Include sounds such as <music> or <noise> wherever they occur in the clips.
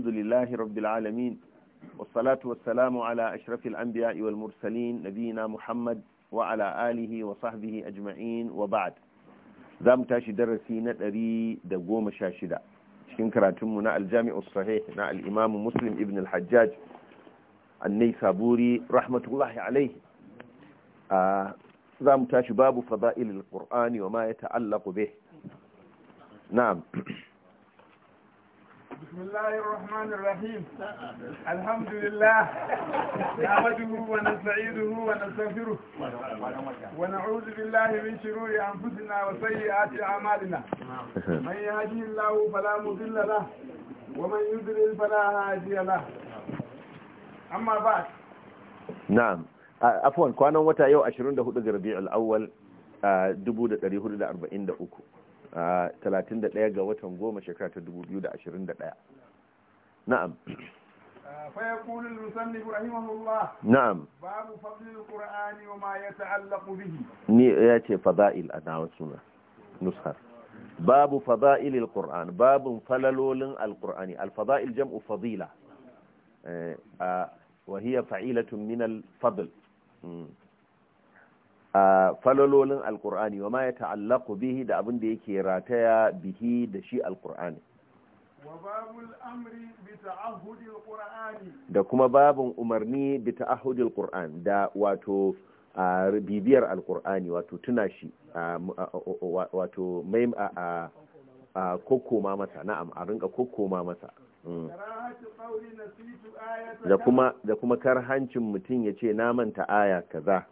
الحمد لله رب العالمين والصلاة والسلام على أشرف الأنبياء والمرسلين نبينا محمد وعلى آله وصحبه أجمعين وبعد زام تاشي درسي نتري دقوم شاشدة شنكراتم نا الجامع الصحيح نا الإمام مسلم ابن الحجاج النيسابوري رحمة الله عليه آه زام تاشي باب فضائل القرآن وما يتعلق به نعم بسم الله الرحمن الرحيم الحمد لله نعمده ونستعيده ونستغفره ونعوذ بالله من شرور أنفسنا وسيئات أعمالنا من يهدي الله فلا مضل له ومن يضلل فلا هادي له أما بعد نعم عفوا kwanan wata yau 24 ga Rabiul Awwal 1443 31 ga watan goma shekara ta 2021 na'am fayakulu musalli rahimahullah na'am babu fadlil qur'ani wa ma yata'allaqu bihi ni yace fada'il adawa suna babu fada'il alquran babun falalolin alqur'ani alfada'il jam'u fadila eh wa fa'ilatun Minal alfadl hmm. falalolin alkur'ani wa ma ya ta'allaku bihi da abin da yake rataya bihi da shi alkur'ani da kuma babin umarni bi ta'ahudi qur'an da wato bibiyar alkur'ani wato tuna shi wato mai a kokoma masa na'am a rinka kokoma masa mm. da kuma karhancin mutum ya ce na manta aya kaza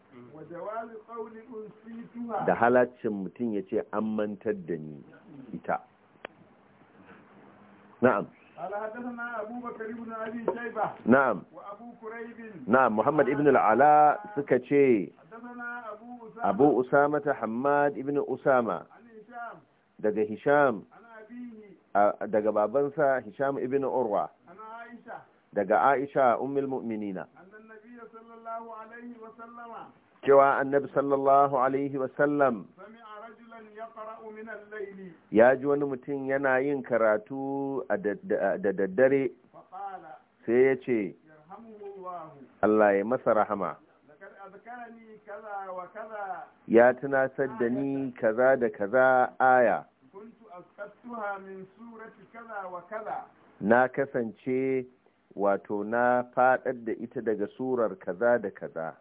da halaccin mutum ya ce an mantar da ni ita na'am na'am na'am muhammad ibn al'ala suka ce abu usama ta hamad ibn usama daga hisham daga babansa hisham ibn urwa daga aisha ummul mu'minina cewa annabi sallallahu alaihi wasallam ya ji wani mutum yana yin karatu da daddare sai ya ce Allah ya masa rahama ya tunasar da ni kaza da kaza aya na kasance wato na faɗar da ita daga surar kaza da kaza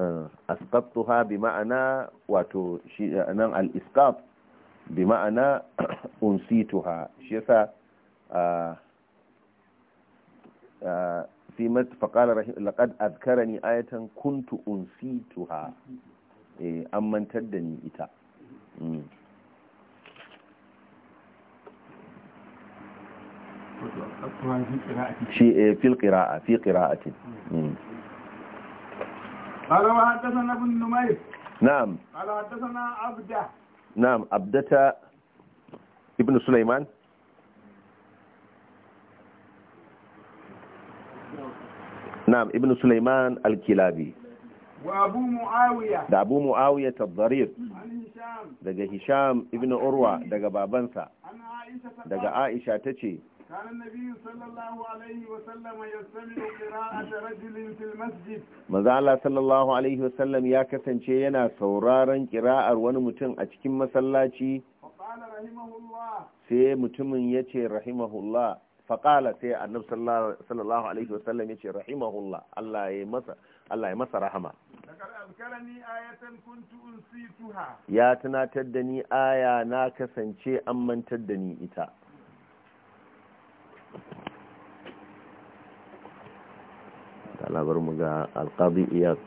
Eh, asqattuha bi ma'ana wato shi eh, nan al-isqat bi ma'ana <coughs> unsituha shi yasa eh, fi mat faqala laqad adhkarani ayatan kuntu unsituha eh an mantar da ni ita hmm. shi fil qira'a fi qira'atin hmm. قال وحدثنا ابن نمير نعم قال حدثنا عبده نعم عبدة ابن سليمان نعم ابن سليمان الكلابي وابو معاوية ده ابو معاوية الضرير عن هشام ده هشام ابن عروة ده بابنسا ده عائشة تشي كان النبي صلى الله عليه وسلم يستمع قراءة رجل في المسجد ماذا الله صلى الله عليه وسلم يا كسن شينا سورارا قراءة ونمتن أتكم مسلاتي فقال رحمه الله سي متمن يتي رحمه الله فقال سي النبي صلى الله عليه وسلم يتي رحمه الله الله يمسى الله يمسى رحمه ya tunatar da ni aya na kasance an mantar da ni ita labar mu ga alƙabi iyad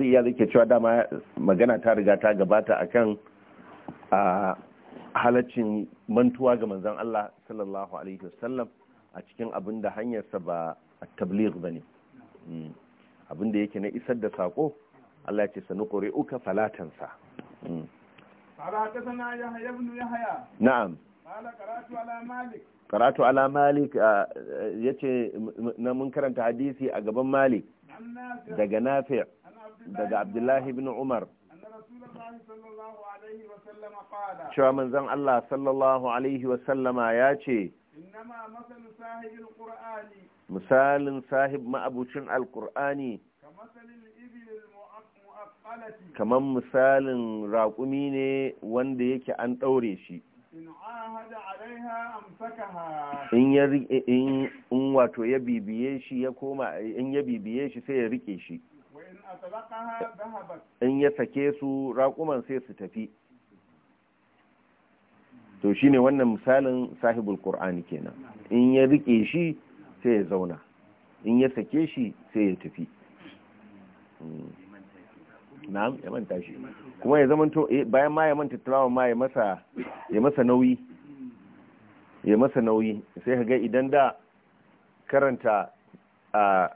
abin iya zai ke cewa dama magana ta riga ta gabata a kan halaccin mantuwa ga manzan Allah sallallahu alaihi wasallam a cikin abin da hanyarsa ba a tabligh ba ne hmm. abin da yake na isar da sako Allah ce sanu uka falatansa na'am karatu ala malik ya ce na mun karanta hadisi a gaban malik daga nafi' daga abdullahi bin umar cewa manzon Allah sallallahu alaihi wasallama ya ce misalin sahib ma'abucin alkur'ani kamar misalin raƙumi ne wanda yake an ɗaure shi in wato ya bibiye shi ya koma in ya bibiye shi sai ya rike shi in ya sake su raƙuman sai su tafi to shine wannan misalin sahibul qur'ani kenan in ya rike shi sai ya zauna in ya sake shi sai ya tafi hmm. na'am ya manta shi kuma ya to eh, bayan ma ya manta turawa ma ya masa ya masa nauyi ya masa nauyi sai ga idan da karanta a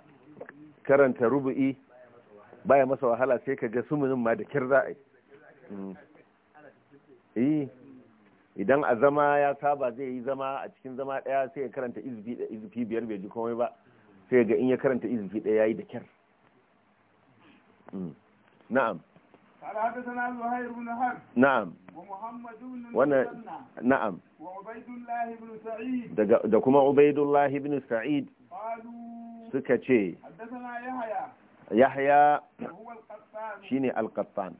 karanta rubu'i baya masa wahala sai ka ga sumunin ma da kir za'a yi mm. eh, idan a zama ya saba zai yi zama a cikin zama daya sai ya karanta izifi biyar bai ji komai ba sai ga in ya karanta izifi daya yi da kyar mm. na'am Na'am. Na'am. da kuma حرب نعم sa'id suka ce يحيى shine al-qattan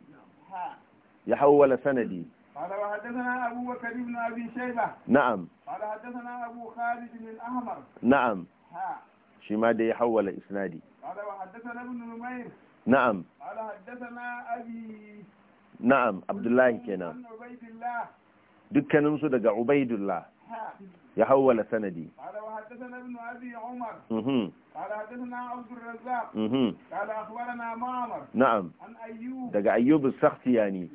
ya سندي قال وحدثنا ابو بكر بن ابي شيبه نعم قال حدثنا ابو خالد بن أحمر نعم ها شما دي حول اسنادي قال وحدثنا ابن نمير نعم قال حدثنا ابي نعم عبد الله كنا عبيد الله دكا نمسو دقا عبيد الله يحول سندي قال وحدثنا ابن أبي عمر قال حدثنا عبد الرزاق قال أخبرنا معمر نعم عن أيوب دقى أيوب يعني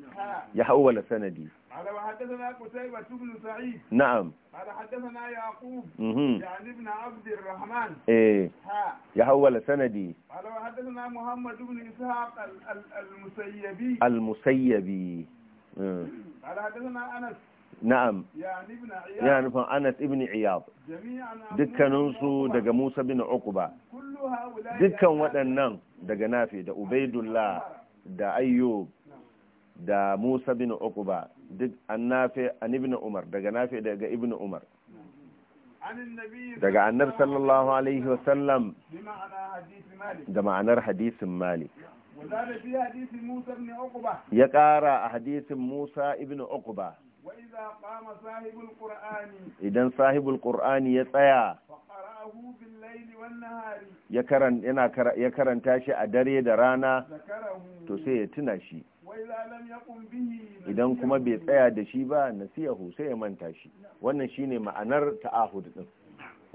يحول سندي قال وحدثنا قتيبة بن سعيد نعم قال حدثنا يعقوب يعني ابن عبد الرحمن ايه يحول سندي قال وحدثنا محمد بن إسحاق المسيبي المسيبي آه. قال حدثنا أنس na'am yana nufin anas ibn iyab dukkaninsu daga musa bin ukuba dukkan waɗannan daga nafi da ubaidullah da ayyub da musa bin ukuba duk an annafi an ibn umar daga nafi daga ibn umar daga annabi sallallahu alaihi wasallam da ma'anar hadisin malik ya ƙara a hadisin musa ibn ukuba. idan sahibul qur'ani ya tsaya ya karanta shi a dare da rana to sai ya tuna shi idan kuma bai tsaya da shi ba nasiyahu sai ya manta shi wannan shi ne ma'anar ta'ahud din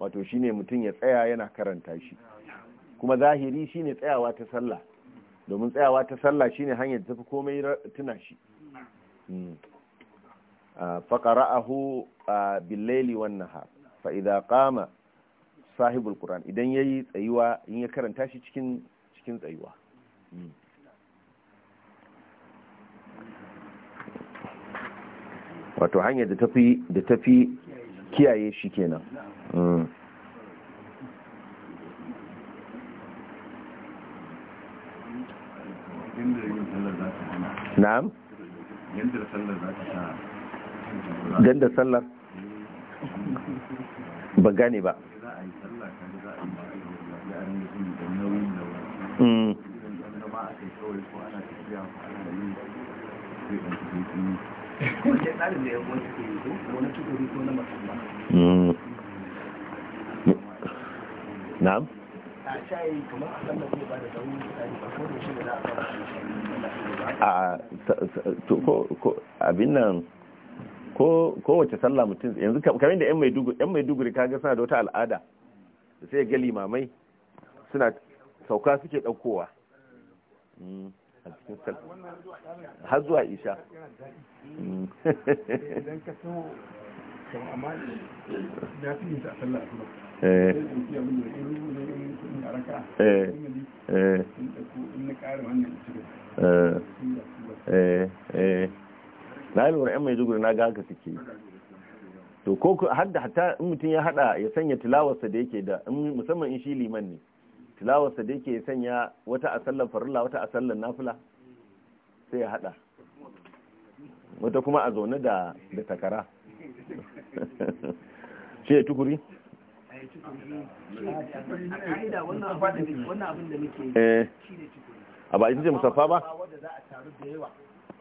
wato shi ne mutum ya tsaya yana karanta shi kuma zahiri shi ne tsayawa ta sallah domin tsayawa ta sallah ne hanyar tafi komai tuna shi faƙara'ahu billaili wan nahar fa idza qama sahibul qur'an idan yayi tsayuwa in ya karanta shi cikin tsayuwa wato hanyar da ta fi kiyaye shi kenan na'am yadda sallar dan da sallar ba gane ba hmm. Hmm. na'am ah, a abin nan ko wace sallah mutum yanzu kamar da yan mai duguri kaga suna da wata al'ada da sai ga limamai suna sauka suke daukowa mm, a cikin har zuwa isha idan ka so amma da fi yin a sallah <laughs> eh eh eh eh eh, eh. na yi lura yan maiduguri na ga haka suke to ko hadda hatta in mutum ya hada ya sanya tilawarsa da yake da musamman in shi liman ne tilawarsa da yake ya sanya wata a sallan farilla wata a sallan nafila sai ya hada wata kuma a zaune da da takara shi ya tukuri eh. a ba ita ce musaffa ba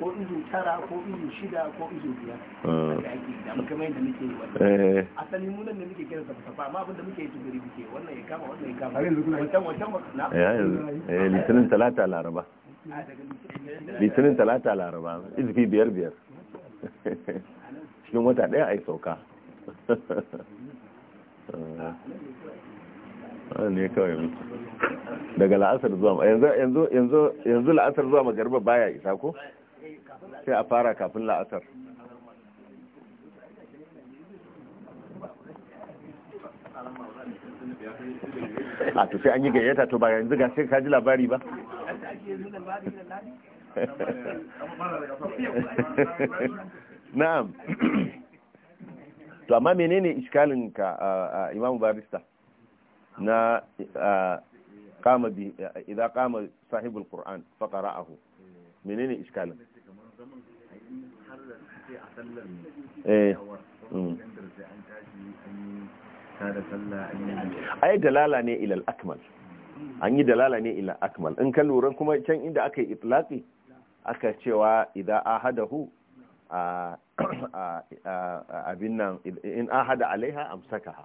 ko izu tara ko izu shida ko izu biyar ah. da muka eh. mai da muke wannan asali munan da muke kira safa amma abin da muke yi tuguri muke wannan ya kama wannan ya kama wancan wancan na eh litinin talata laraba ah, litinin talata laraba izufi biyar biyar <laughs> cikin wata ɗaya a yi sauka <laughs> ah, ne kawai mutu daga la'asar zuwa yanzu la'asar zuwa magarba baya isa ko? sai a fara kafin la'asar a to sai an yi gayyata to ba yanzu ga sai ka ji labari ba na'am to amma menene iskalin ka imamu barista na kama bi idan kama sahibul qur'an fa qara'ahu menene iskalin Eh. Mm. ai dalala ne ilal akmal an yi dalala ne ilal akmal in kan lura kuma can inda aka yi itlaki aka cewa idan ahadahu a abin nan in ahada alaiha ha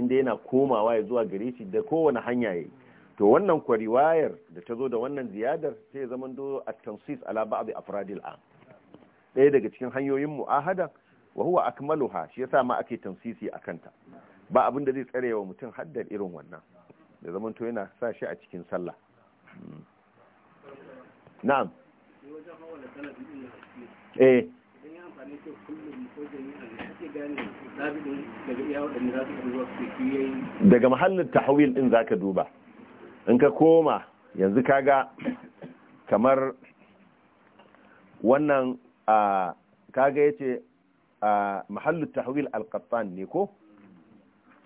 inda yana komawa ya zuwa gare shi da kowane hanya yayi to wannan kwariwayar da ta zo da wannan ziyadar sai zama do a tansis ala ba'd afradil an ɗaya daga cikin hanyoyin mu'ahada wa huwa akmaluha shi yasa ma ake tamsisi a kanta ba abin da zai tsare wa mutum haddar irin wannan da zaman to yana sa shi a cikin sallah hmm. na'am eh. daga mahallin tahawil din zaka duba in ka koma yanzu kaga kamar wannan a kaga yace a mahallu tahwil al-qattan ne ko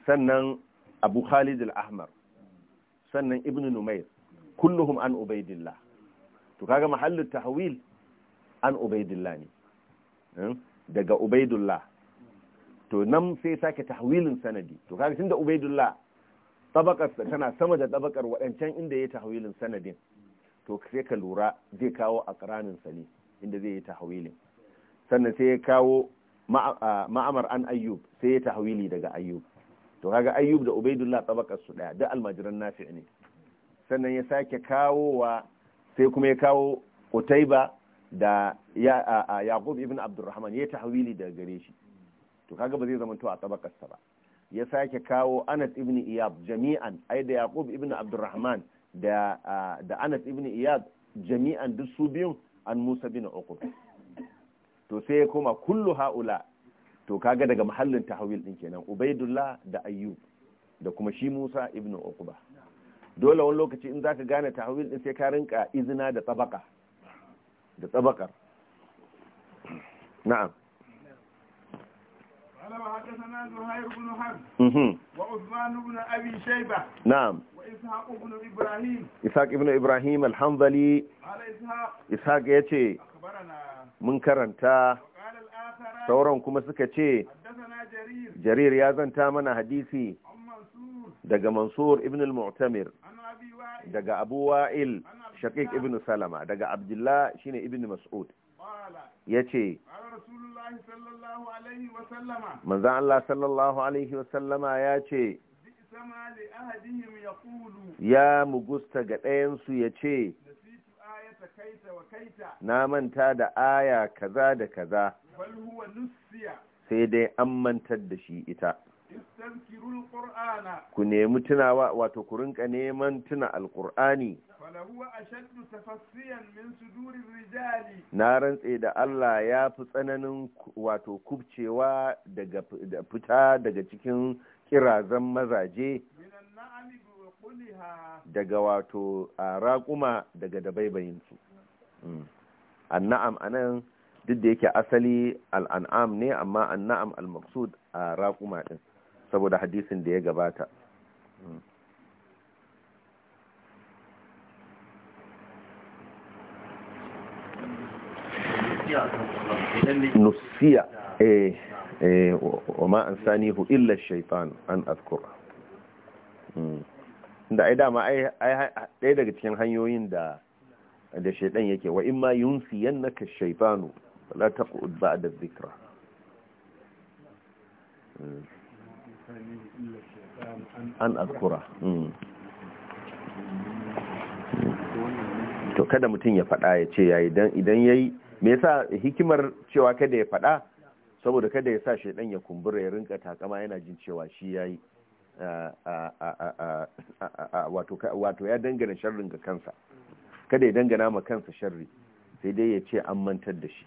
sannan abu khalid al sannan ibn numair kulluhum an ubaidillah to kaga mahallu tahwil an ubaidillah ne hmm? daga ubaidullah to nan sai sake tahwilin sanadi to kaga tunda ubaidullah tabakar tana sama da tabakar waɗancan inda ya yi tahwilin sanadin to sai ka lura zai kawo a ƙaranin ne inda zai yi tahawili sannan sai ya kawo ma'amar an ayyub sai ya tahawili daga ayyub to kaga ayyub da ubaidullah tsabakar su daya da almajiran nafi ne sannan ya sake kawo wa sai kuma ya kawo utaiba da yaqub ibn abdurrahman ya tahawili daga gare shi to kaga ba zai zama to a tsabakar sa ba ya sake kawo anas ibn iyab jami'an ai da yaqub ibn abdurrahman da da anas ibn iyab jami'an duk su biyun an Musa bin Uqub to sai ya koma kullu haula to kaga daga mahallin tahawil din kenan Ubaidullah da Ayyub da kuma shi Musa ibn Uqba dole wani lokaci in zaka gane tahawil din sai ka rinka izina da tabaka da tabakar na'am قال وحدثنا زهير بن حرب وعثمان بن ce mun نعم بن بن الحنظلي قال يتي من كرنتا sauran kuma suka ce jarir ya zanta mana hadisi daga mansur ibn al-mu'tamir daga abu wa'il shaqiq ibn salama daga abdullah shine ibnu mas'ud ya ce manzan Allah sallallahu alaihi wasallama ya ce ya mugusta ga ɗayansu ya ce na manta da aya kaza da kaza sai dai an mantar da shi ita ku nemi tunawa wato ku rinka neman tuna Alkur'ani. na rantse da Allah ya fi tsananin wato kubcewa daga fita daga cikin kirazan mazaje daga wato a raƙuma daga dabaibayinsu mm. anna'am anan duk da yake asali al'an'am ne amma anna'am al-maqsud a raƙuma ɗin saboda hadisin da ya gabata nusiya eh eh wa ma hu! illa shaitan an azkura hmm. da ai dama ai ɗaya daga cikin hanyoyin da da shaitan yake wa imma yunsiyannaka shaitanu la taqud ba'da dhikra hmm. an azkura hmm. to kada mutum ya faɗa ya ce yayi dan idan yayi me yasa hikimar cewa kada ya faɗa saboda kada ya sa shaidan ya kumbura ya rinka takama yana jin cewa shi yayi wato ya dangana sharrin ga kansa kada ya dangana ma kansa sharri sai dai ya ce an mantar da shi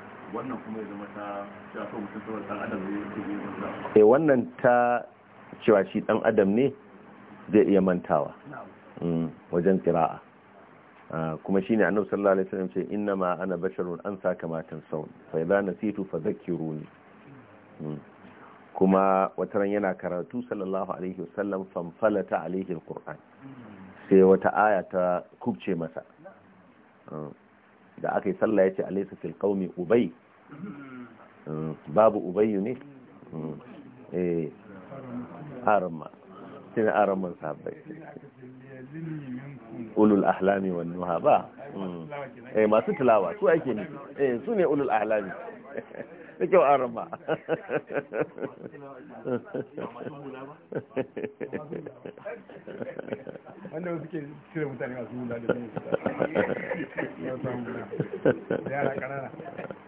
wannan kuma ya zama ta cewa kawai dan adam ne yi wanda eh, wannan ta cewa shi dan adam ne zai iya mantawa mm, wajen qira'a ah, kuma shi ne annabu sallallahu alaihi wasallam ce inna ma ana basharun sa kamatan tansawun fa idza nasitu fadhakkiruni mm. kuma wataran yana karatu sallallahu alaihi wasallam fanfalata alaihi alquran sai wata aya ta kubce masa mm. da aka yi sallah ce alaysa fil qaumi ubay Mm. babu ubayu ne mm. eh arama sai araman sabai ulul ahlami wan nuha ba mm. eh masu tilawa su ake nufi eh su ne ulul ahlami <laughs> da kyau an rama <laughs> wanda wasu ke cire mutane masu hula da <laughs> ra ƙanana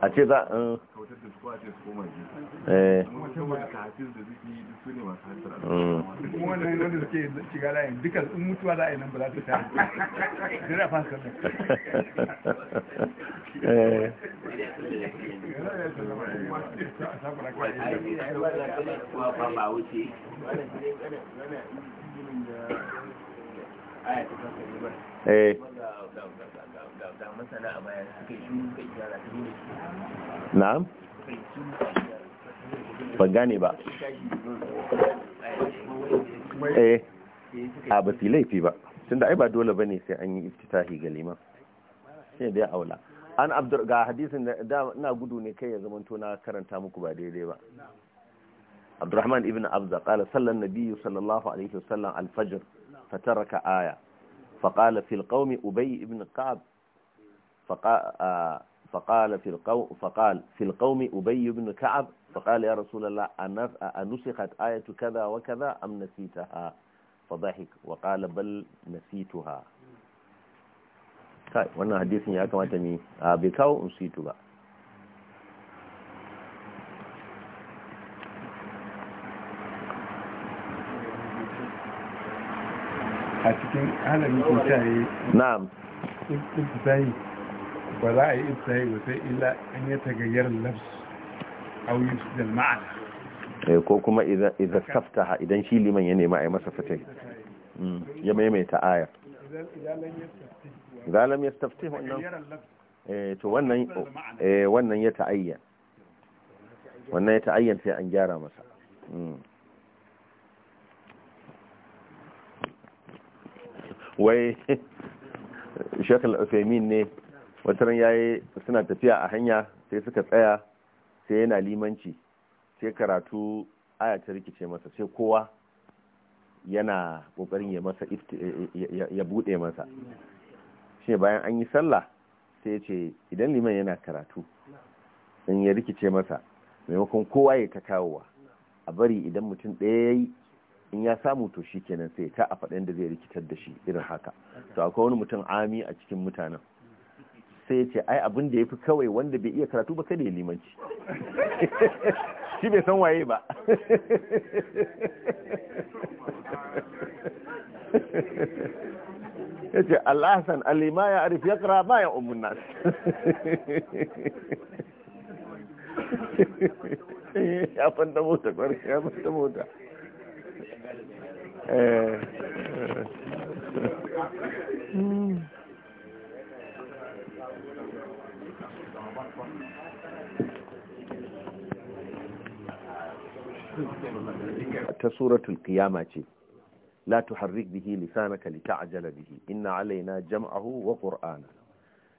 a ce za a Eh. eh. eh. نعم فغاني با ايه ابو تيلي في با تندا اي با بني سيعني اني افتتاحي غليما سي اولا ان عبد غا حديث انا غدو ني كاي زمانتو نا كرنتا مكو با ديدي با عبد الرحمن ابن عبد قال صلى النبي صلى الله عليه وسلم الفجر فترك ايه فقال في القوم ابي ابن قاب فقال آه، فقال في القوم فقال في القوم أبي بن كعب فقال يا رسول الله أنسخت آية كذا وكذا أم نسيتها فضحك وقال بل نسيتها kai wannan hadisin ya kamata ne a bai kawo unsitu ba a cikin halin na'am ba za a yi istahi ba sai illa an yi tagayyar lafsu au yi su ma'ana eh, ko kuma idan saftaha idan shi liman ya nema a yi masa fitai hmm, ya maimaita aya zalam ya stafti wannan to wannan eh, wannan ya ta'ayyan wannan ya ta'ayyan sai an gyara masa hmm. wai <laughs> shekul al ne wata ran yayi suna tafiya a hanya sai suka tsaya sai yana limanci sai karatu aya ta rikice masa sai kowa yana kokarin ya masa ya bude masa shi bayan an yi sallah sai ya ce idan liman yana karatu in ya rikice masa maimakon kowa ya ta kawowa a bari idan mutum ɗaya ya yi in ya samu to shi kenan sai ta a faɗin da zai rikitar da shi irin haka to akwai wani mutum ami a cikin mutanen sai ya ce ai abin da ya fi kawai wanda bai iya karatu ba kada ya limanci <laughs> shi bai san waye ba <laughs> ya ce al'asan alima ya arif ya kara bayan umun nasu <laughs> ya fanta mota ya fanta mota eh, eh. ta suratul kiyama ce la tuharrik bihi lisanaka lita'jala bihi inna alaina jam'ahu wa qur'ana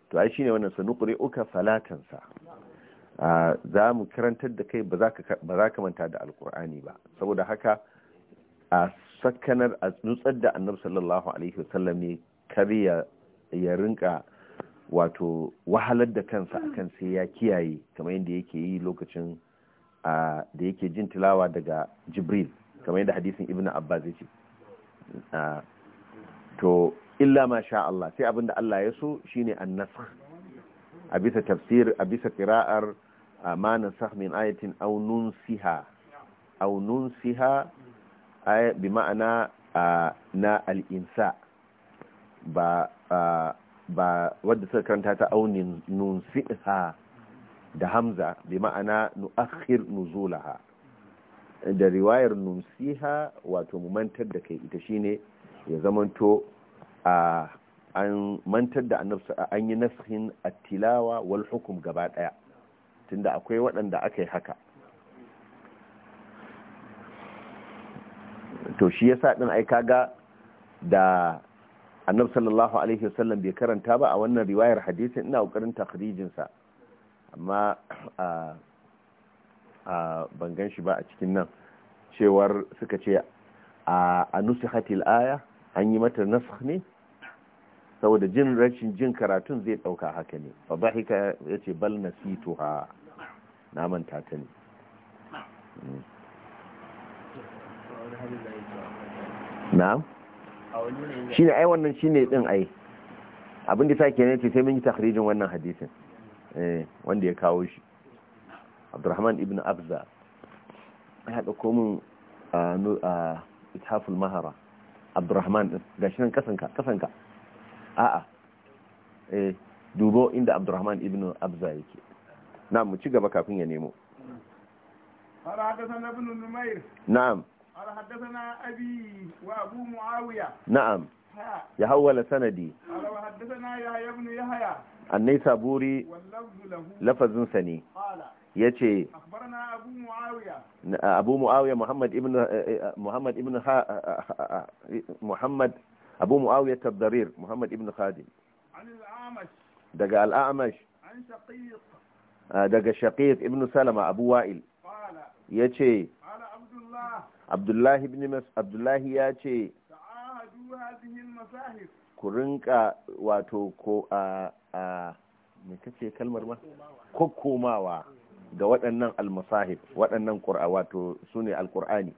to ai shine wannan sanuqri'uka falatan sa za mu karantar da kai ba za ka manta da alkur'ani ba saboda haka a sakkanar a nutsar da annabi sallallahu alaihi wasallam ne kar ya rinka wato wahalar da kansa hmm. kan sai ya kiyaye kamar yadda yake yi lokacin da yake jin tilawa daga jibril kamar yadda hadisin ibn abbas ya ce to illa ma sha Allah sai abinda Allah ya so shine annasakh a bisa tafsir a bisa qira'ar ma nasakh min ayatin aw siha, aw siha bima'ana bi ma'ana na al-insa ba ba wadda suka karanta ta aunin nun siha da hamza bi ma'ana nu'akhir nuzulaha da riwayar nun siha wato mu mantar da kai ita shine ya zamanto a an mantar da an yi nashin tilawa wal hukum gaba daya tunda akwai waɗanda aka haka to shi yasa din ai kaga da annabi sallallahu alaihi wasallam bai karanta ba a wannan riwayar hadisin ina kokarin takhrijin amma a a ban gan shi ba a cikin nan cewar suka ce a anusihatil aya an yi mata nasakh ne saboda jin rashin jin karatun zai ɗauka haka ne fa dhahika yace bal nasituha na manta ta ne hmm. na'am ne ai wannan ne din ai abin da sake ne ce sai mun yi takhrijin wannan hadisin eh wanda ya kawo shi Abdurrahman ibn Abza ya hada komin a ithaful mahara Abdurrahman din gashi nan kasanka kasanka a'a eh dubo inda Abdurrahman ibn Abza yake na mu ci gaba kafin ya nemo Fara da sanar Numair Na'am قال حدثنا أبي وأبو معاوية نعم يهول سندي قال وحدثنا يا بن يحيى عن نيسابوري لفظ سني قال يتي أخبرنا أبو معاوية أبو معاوية محمد ابن محمد ابن ها محمد أبو معاوية الضرير محمد ابن خادم عن الأعمش دقى الأعمش عن شقيق آه، دقى شقيق ابن سلمة أبو وائل قال يتي قال عبد الله abdullahi ibn mas abdullahi ya ce ku rinka wato ko a a me kace kalmar ma komawa ga waɗannan almasahib waɗannan qur'a wato sune alqur'ani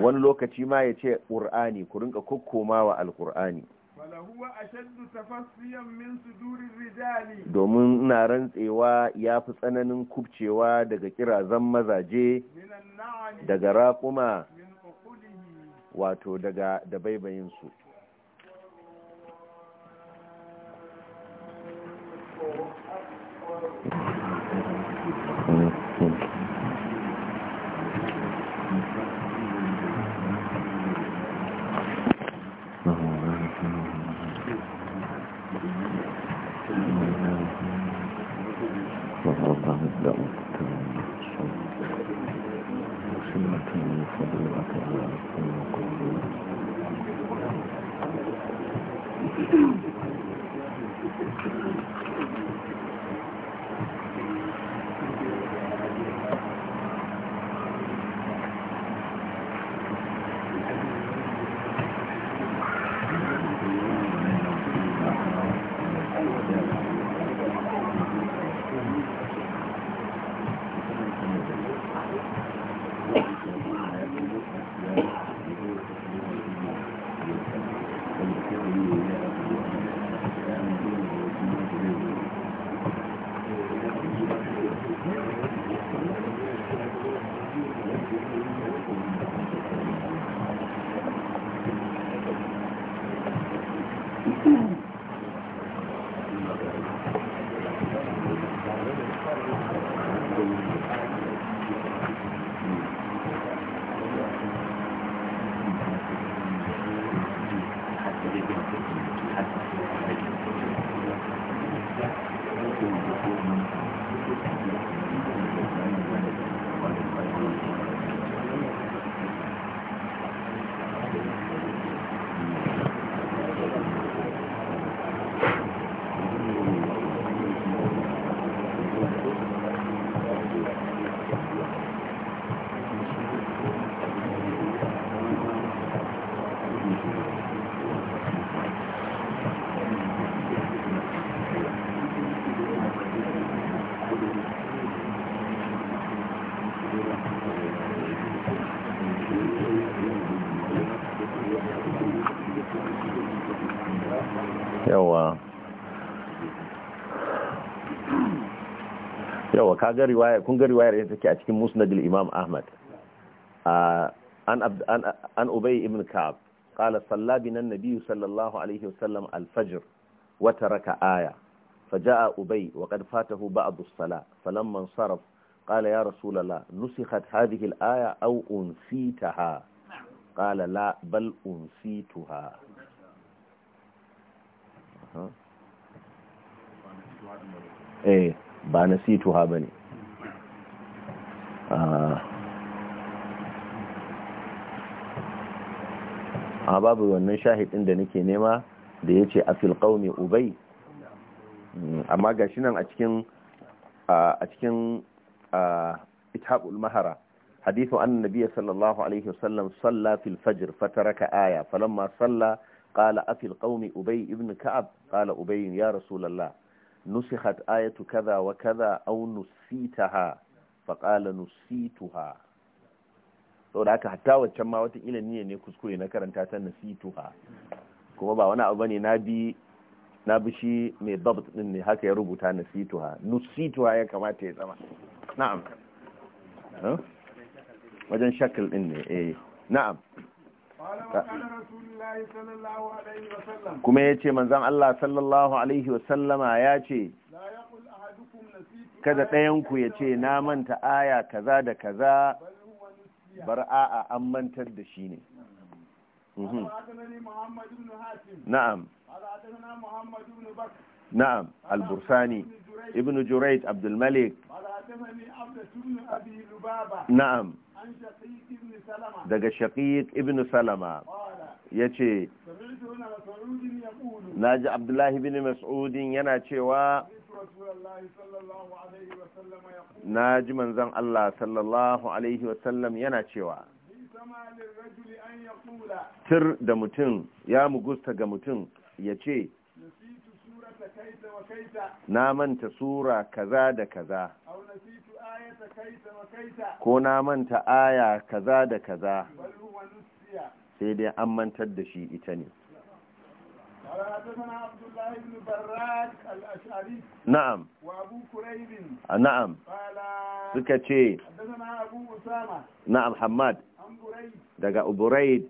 wani lokaci ma ya ce ƙur'ani ku rinka kokkomawa alqur'ani lahuwa ashaddu tafassiyan min sudurir rijali domin na rantsewa ya fi tsananin kubcewa daga kirazan mazaje daga raƙuma wato daga dabaibayin su kun ga riwayar yadda take a cikin musnad imam ahmad an Ubai ibn Kab ƙala salla binan nabiy sallallahu alayhi wa sallam al-fajr wa taraka aya faja'a a Ubai qad fatahu ba'd as-salah falamma sarf qala ya rasul allah nusikhat hadhihi al-aya aw unsitaha qala la bal unsituha uh-huh. eh ba na situha ba ne a ah. babu wannan shahidin da nake nema da ya ce a filkau ubai hmm, amma ga shi nan a cikin a cikin mahara hadithu an nabiya sallallahu alaihi wasallam salla fil fajr fataraka aya falamma salla qala afil qaumi ubay ibn ka'ab qala ubay ya rasulullah nusihat ayatu kaza wa kaza aw nusitaha fa qala nusituha saboda haka hatta waccan ma wata kila niyya ne kuskure na karanta ta nusituha kuma ba wani abu bane na bi na bi shi mai babt din ne haka ya rubuta nusituha nusituha ya kamata ya zama na'am wajen shakal din ne eh na'am kuma ya ce manzan Allah sallallahu Alaihi wasallama ya ce kada ɗayanku ya ce na manta aya kaza da kaza bar a'a an mantar da shi ne mhm. na'am na'am al-bursani ibn jurayt abdul malik na'am daga shaqiq ibn salama Ya ce. Na ji abdullahi bin mas'udin yana cewa Na ji manzan Allah sallallahu alaihi wasallam yana cewa tir da mutum ya mugusta ga mutum ya ce na manta sura kaza da kaza ko na manta aya kaza da kaza sai dai an mantar da shi ita ne na'am na'am suka ce na'am hamad daga uburaid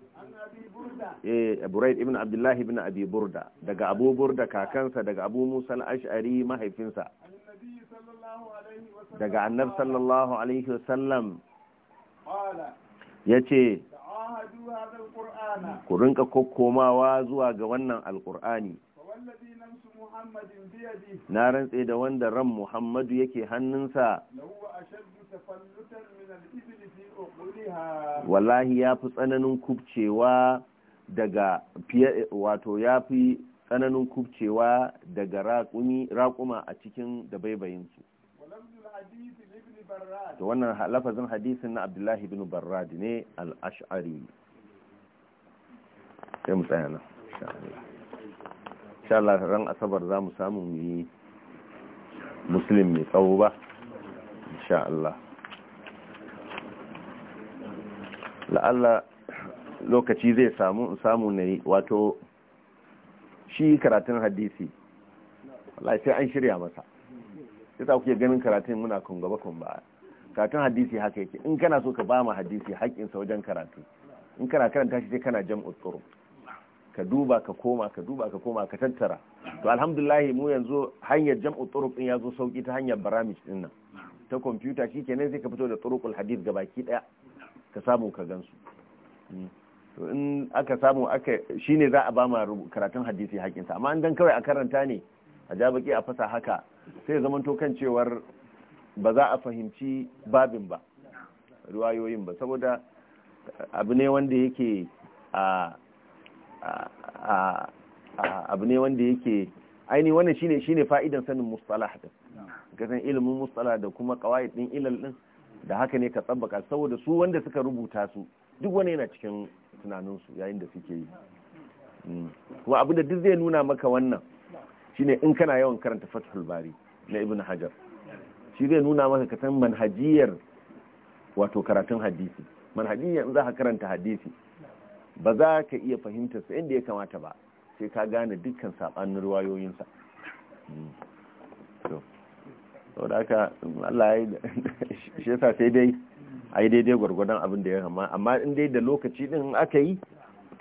eh, ibn Abdullah ibn Abi Burda daga Abu Burda kakansa daga Abu musal ashari mahaifinsa daga annab sallallahu alaihi wasallam ya ce ku rinka kokkomawa zuwa ga wannan alkur'ani na rantse da wanda ran muhammadu yake hannunsa wallahi ya fi tsananin kubcewa daga wato ya fi tsananin kubcewa daga raƙuma a cikin dabaibayinsu to wannan lafazin hadisin na abdullahi bin barradi ne al-ash'ari sai mu tsaya nan insha ran asabar za mu samu mu yi musulun mai tsawo ba insha Allah la'alla lokaci zai samu samu na yi wato shi karatun hadisi Allah sai an shirya masa sai sa kuke ganin karatun muna kun gaba kun ba karatun hadisi haka yake in kana so ka ba mu hadisi haƙƙin sa wajen karatu in kana karanta shi sai kana jam'u tsuru ka duba ka koma ka duba ka koma ka tattara to alhamdulillah mu yanzu hanyar jam'u tsuru din ya zo sauki ta hanyar baramij din nan ta kwamfuta shikenan sai ka fito da hadis hadith gabaki daya ka samu ka gansu hmm. to in aka samu aka shine za a ba mu karatun hadisi haƙƙin sa amma an dan kawai a karanta ne a jabaki a fasa haka sai zamanto kan cewar ba za a fahimci babin ba riwayoyin ba saboda eh, abu ne wanda yake a abu ne wanda yake aini wannan shine shine fa'idan sanin mustalah din ilimin mustalah da kuma qawaid din ilal din da haka ne ka tsabbaka saboda su wanda suka rubuta su duk wani yana cikin tunaninsu yayin da suke yi hmm. kuma abu da duk zai nuna maka wannan shine in kana yawan karanta fathul bari na ibn hajar shi zai nuna maka ka san manhajiyar wato karatun hadisi manhajiyar za ka karanta hadisi ba za ka iya fahimtar sa inda ya kamata ba sai ka gane dukkan sabanin ruwayoyinsa to da haka Allah ya shi yasa sai dai ai daidai gwargwadon abin da ya kama amma in dai da lokaci din aka yi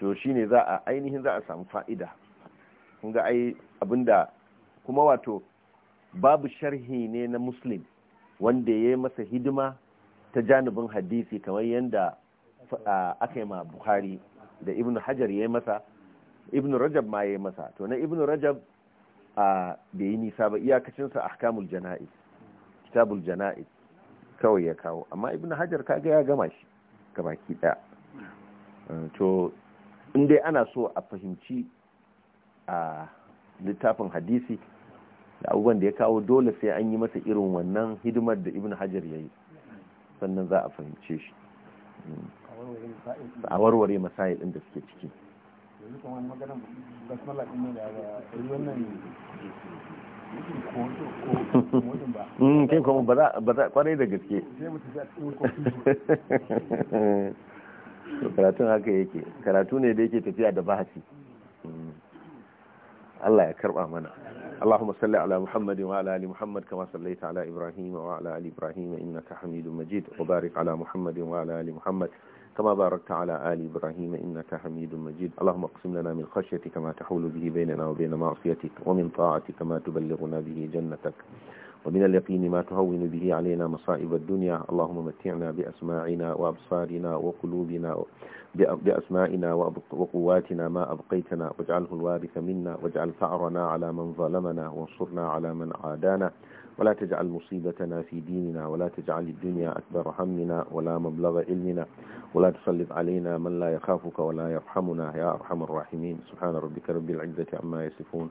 to shine za a ainihin za a samu fa'ida kun ga ai abinda kuma wato babu sharhi ne na muslim wanda ya yi masa hidima ta janibin hadisi kamar yadda aka yi ma buhari da ibn hajar ya yi masa ibn rajab ma ya yi masa to na ibn rajab a bai yi nisa ba iyakacinsa ahkamul jana'iz kitabul jana'iz kawai ya kawo amma ibn hajar kaga ya gama shi gabaki daya to in dai ana so a fahimci littafin hadisi da abubuwan da ya kawo dole sai an yi masa irin wannan hidimar da ibn hajar ya yi sannan za a fahimce shi a warware masayi ɗin da suke ciki <laughs> hmm, kin kuma ba za kwarai da gaske <laughs> karatun haka yake karatu ne da yake tafiya da bahasi الله يكرم أمنا اللهم صل على محمد وعلى ال محمد كما صليت على ابراهيم وعلى ال ابراهيم انك حميد مجيد وبارك على محمد وعلى ال محمد كما باركت على آل إبراهيم إنك حميد مجيد اللهم اقسم لنا من خشيتك ما تحول به بيننا وبين معصيتك ومن طاعتك ما تبلغنا به جنتك ومن اليقين ما تهون به علينا مصائب الدنيا اللهم متعنا بأسماعنا وأبصارنا وقلوبنا بأسمائنا وقواتنا ما أبقيتنا واجعله الوارث منا واجعل ثأرنا على من ظلمنا وانصرنا على من عادانا ولا تجعل مصيبتنا في ديننا ولا تجعل الدنيا أكبر همنا ولا مبلغ علمنا ولا تسلط علينا من لا يخافك ولا يرحمنا يا أرحم الراحمين سبحان ربك رب العزة عما يصفون